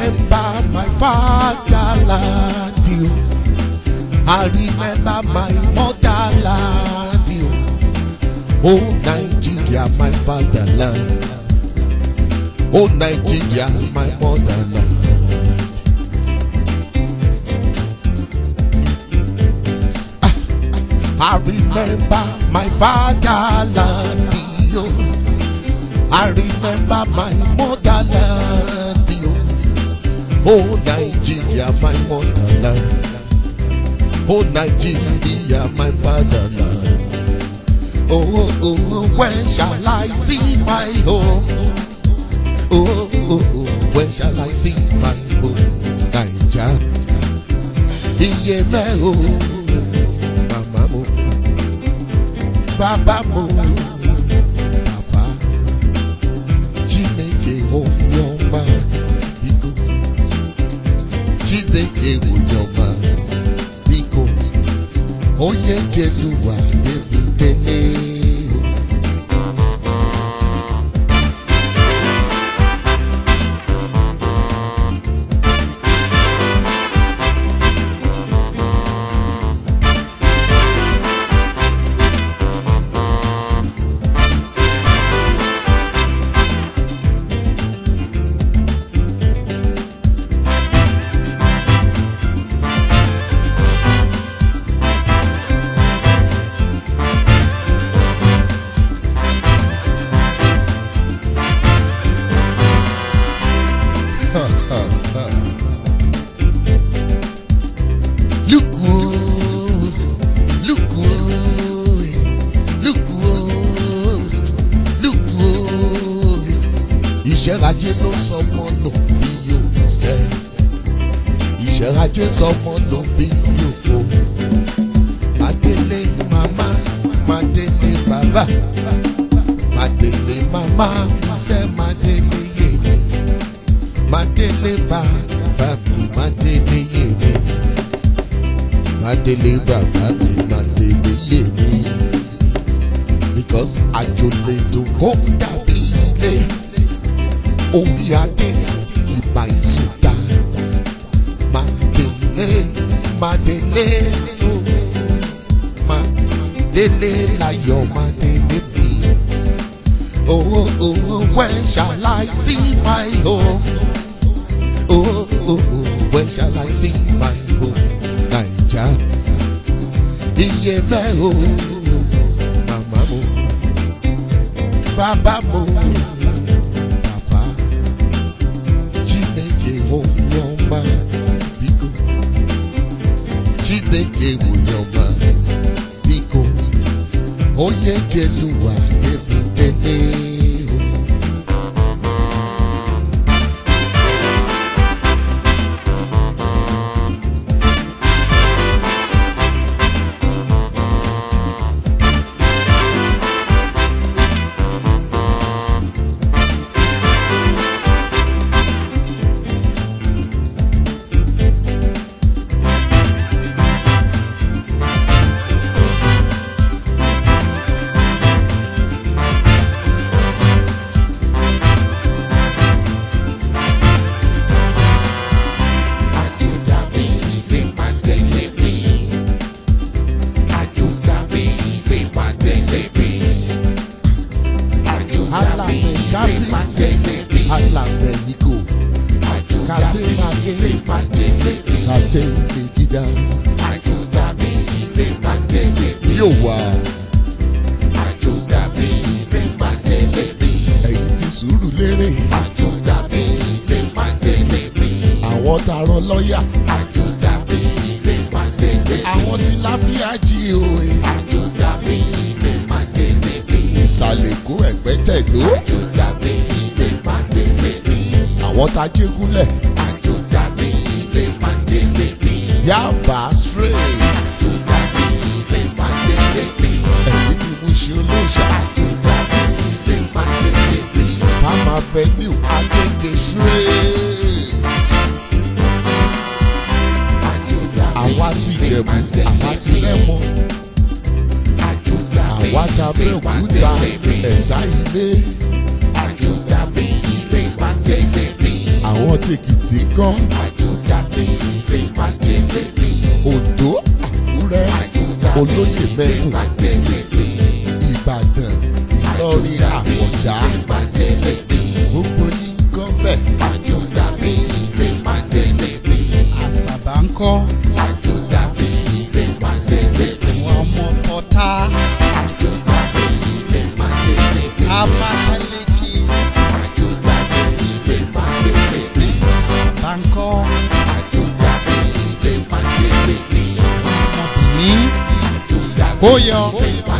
remember my fatherland. You. I remember my motherland. You. Oh Nigeria, my fatherland. Oh Nigeria, my motherland. I remember my fatherland. You. I remember my mother. sí mango naija iye mẹ́ o màmá mo bàbá mo. ajé ló sọ wọn lò bí yòókù sẹ́ ìṣẹ́ ajé sọ wọn lò bí yòókù Mádélé màmá Mádélé bàbá Mádélé màmá sẹ́ Mádélé yèmí Mádélé bàbá mi Mádélé yèmí Mádélé bàbá mi Mádélé yèmí because àjò lè dùn kó dàbí orí adé ìbà ìsúta màdélé màdélé ló màdélé láyọ̀ màdélé mi oh oh where shall I see my home oh oh where shall I see my home naija iye bẹ́ẹ̀ o màmá mo bàbá mo. Chineke onye ọma biko onye ga-eluwa Kàtí màgé ilé pàtẹ́lẹ̀ mi. Kàtí ilé gíga. Àjò dàbí ilé pàtẹ́lẹ̀ mi. Yóò wá. Àjò dàbí ilé pàtẹ́lẹ̀ mi. Ẹ̀yin ti sùúrù lérè. Àjò dàbí ilé pàtẹ́lẹ̀ mi. Àwọn tààrọ̀ lọ́ọ̀yà. Àjò dàbí ilé pàtẹ́lẹ̀ mi. Àwọn ti láfíà jí òye. Àjò dàbí ilé pàtẹ́lẹ̀ mi. Ìsàlẹ̀ kó ẹ̀gbẹ́tẹ̀ ló. Àjò dàbí ilé pàtẹ́lẹ̀ mi àwọn tá a jí gúnlẹ̀. àjò dàbí ilé pàdélé bí. yàbá straight. àjò dàbí ilé pàdélé bí. èyí tí mo ṣe olóòṣà. àjò dàbí ilé pàdélé bí. mama venue agége straight. àwa ti jẹ̀bù àwa ti lẹ́mọ. àwa ta bẹ́ẹ̀ kúta ẹ̀dá ilé. sí gan. àjùjà pérépé máa dé pépé. Òdó Àkúrẹ́ olóyè mẹ́rin Ìbàdàn Ìlọrin Àkọ̀já gbogbo yìí gan bẹ́ẹ̀. àjùjà pérépé máa dé pépé. àṣàbà ń kọ́. àjùjà pérépé máa dé pépé. àwọn ọmọ ọ̀tá. àjùjà pérépé máa dé pépé. Oh yeah. Oh, yeah.